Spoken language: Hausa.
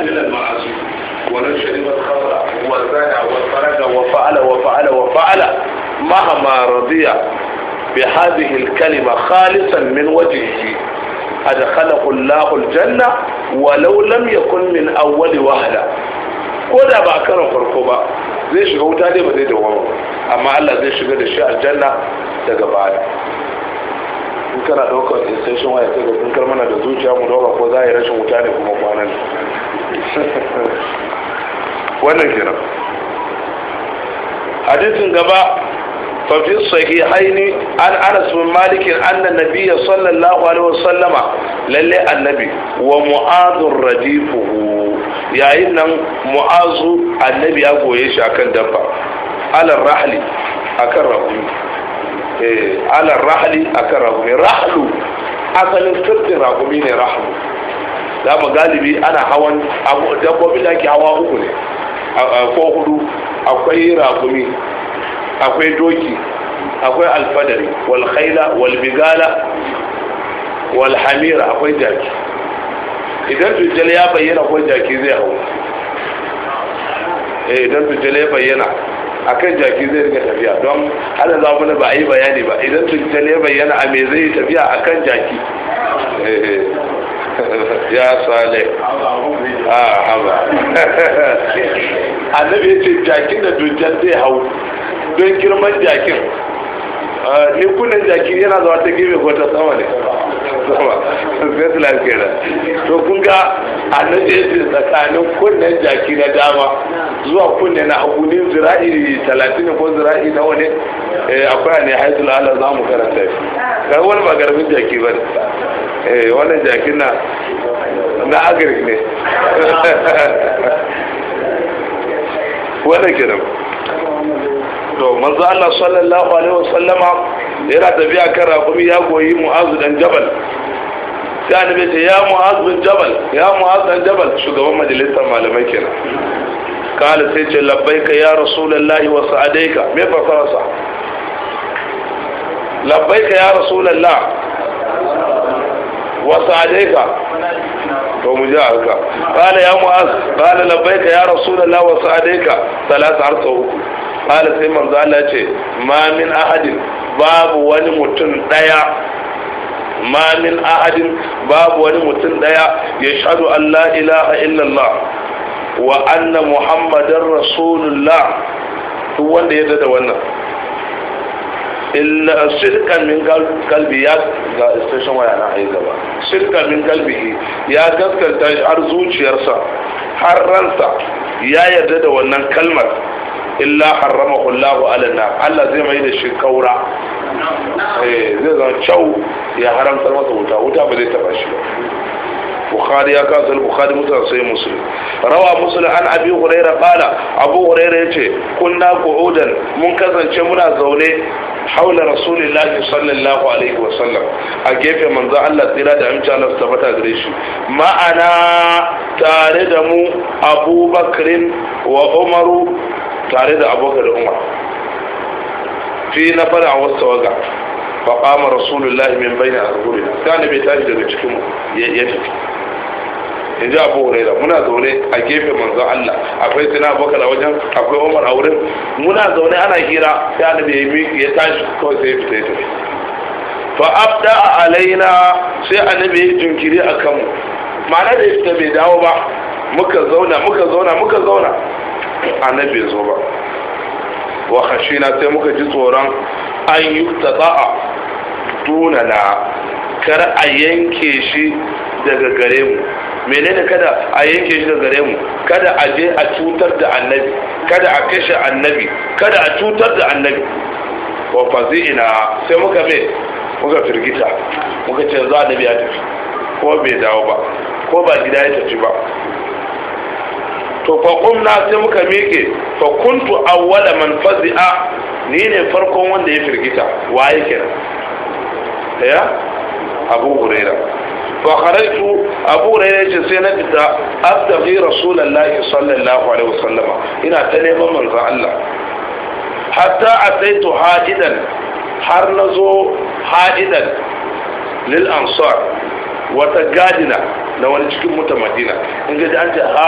من المعاصي ونشر الخطأ وزنى وفرج وفعل وفعل وفعل مهما رضي بهذه الكلمة خالصا من وجهه أدخله الله الجنة ولو لم يكن من أول وهلة ولا ما كان فرقبا زي شغو تالي بدي دوام أما الله زي شغو الشيء الجنة تقبال إن كان دوكا إستيشن وإستيشن إن كان منا دزوجيا مدوغا فوزاي رشو متاني كمو فانا wannan kira hadisin gaba tafiye sahi haini an ana arasun malikin na nabiya sallallahu alaihi wasallama lalle annabi wa mu'adun radifuhu yayin nan mu'azu annabi ya goye shi akan dabba alar rahli akan rahumi eh, alar rahli akan rahumi rahlu asalin sirrin rahumi ne rahlu za mu galibi ana hawan dabbobin da ake hawa uku ne ko hudu akwai rakumi akwai doki akwai alfadari wal khaila wal bigala wal hamira akwai jaki idan tujjal ya bayyana ko jaki zai hau eh idan tujjal ya bayyana akan jaki zai rika tafiya don hada za mu ba a yi bayani ba idan tujjal ya bayyana a me zai tafiya akan jaki eh, eh. ya sale a ah, annabi ya ce jakin da dujjan zai hau don girman jakin ah, ni kuna jakin yana zawa ta gefe ko ta sama ne sama to kun ga annabi ya ce tsakanin kunnen jaki na dama zuwa kunne na abu ne zira'i talatin ko zira'i nawa ne Eh, akwai ne haitul ala za mu karanta shi ga wani ba garbin jaki ba ne eh wannan jakin na na agri ne wannan kenan to manzo Allah sallallahu alaihi wasallama yana tafiya kara kuma ya goyi mu'azu dan jabal sai annabi ce ya mu'azu dan jabal ya mu'azu dan jabal shugaban majalisar malamai kenan kala sai ce labbaika ya rasulullahi wa sa'adaika me fara sa labbaika ya rasulallah wasu alaika to mu ji harka kala ya mu'az kala labbaika ya rasulallah wasu alaika talata har tsohu. uku kala sai manzo Allah ce ma min ahadin babu wani mutum daya ma min ahadin babu wani mutum daya ya shaɗu Allah ilaha illallah wa anna muhammadar rasulullah duk wanda ya da wannan إلا شركا من قلبي يا استشهد ويا نعيم جبا شركا من قلبه يا جد كنت أرزوج يرسا حرنتا يا يدد ونن كلمة إلا حرمه الله على النار الله زي ما يدش شكورا نعم. إيه زي ما شو يا حرام سلمت وتا وتا بديت بعشرة bukhari ya kawo sahih bukhari musa sai musulun rawa musulun an abi hurairah qala abu hurairah yace kunna qu'udan mun kasance muna zaune haula rasulillahi sallallahu alaihi wasallam a gefe manzo Allah tsira da amince Allah tabbata gare shi ma'ana tare da mu abubakrin wa umaru tare da abubakar da umar fi na fara a wasu waga faƙama rasulullahi min bayan a rubulina ta ne bai tashi daga cikinmu ya tafi in ji abu huraira muna zaune a gefe manzon Allah akwai sina bakar a wajen akwai umar a wurin muna zaune ana hira sai da ya yi ya tashi kawai sai ya fita ya tafi fa abda alaina sai annabi ya jinkiri a kanmu ma'ana da ya fita bai dawo ba muka zauna muka zauna muka zauna annabi ya zo ba wa khashina sai muka ji tsoron an yi tata'a dunana kar a yanke shi daga gare mu menene kada a yanke shi da gare mu kada a je a cutar da annabi kada a kashe annabi kada a cutar da annabi wa fazi'ina sai muka me muka firgita muka ce za annabi ya tafi ko bai dawo ba ko ba gida ya tafi ba to fa qumna sai muka mike fa kuntu awwala man fazi'a ni ne farkon wanda ya firgita waye kenan ya abu hurairah fa kharajtu abu hurairah ce sai na fita abdaqi rasulullahi sallallahu alaihi wasallam ina ta neman manzon Allah hatta ataitu hajidan har na zo hajidan lil ansar wata gadina na wani cikin mutan madina in ga an ce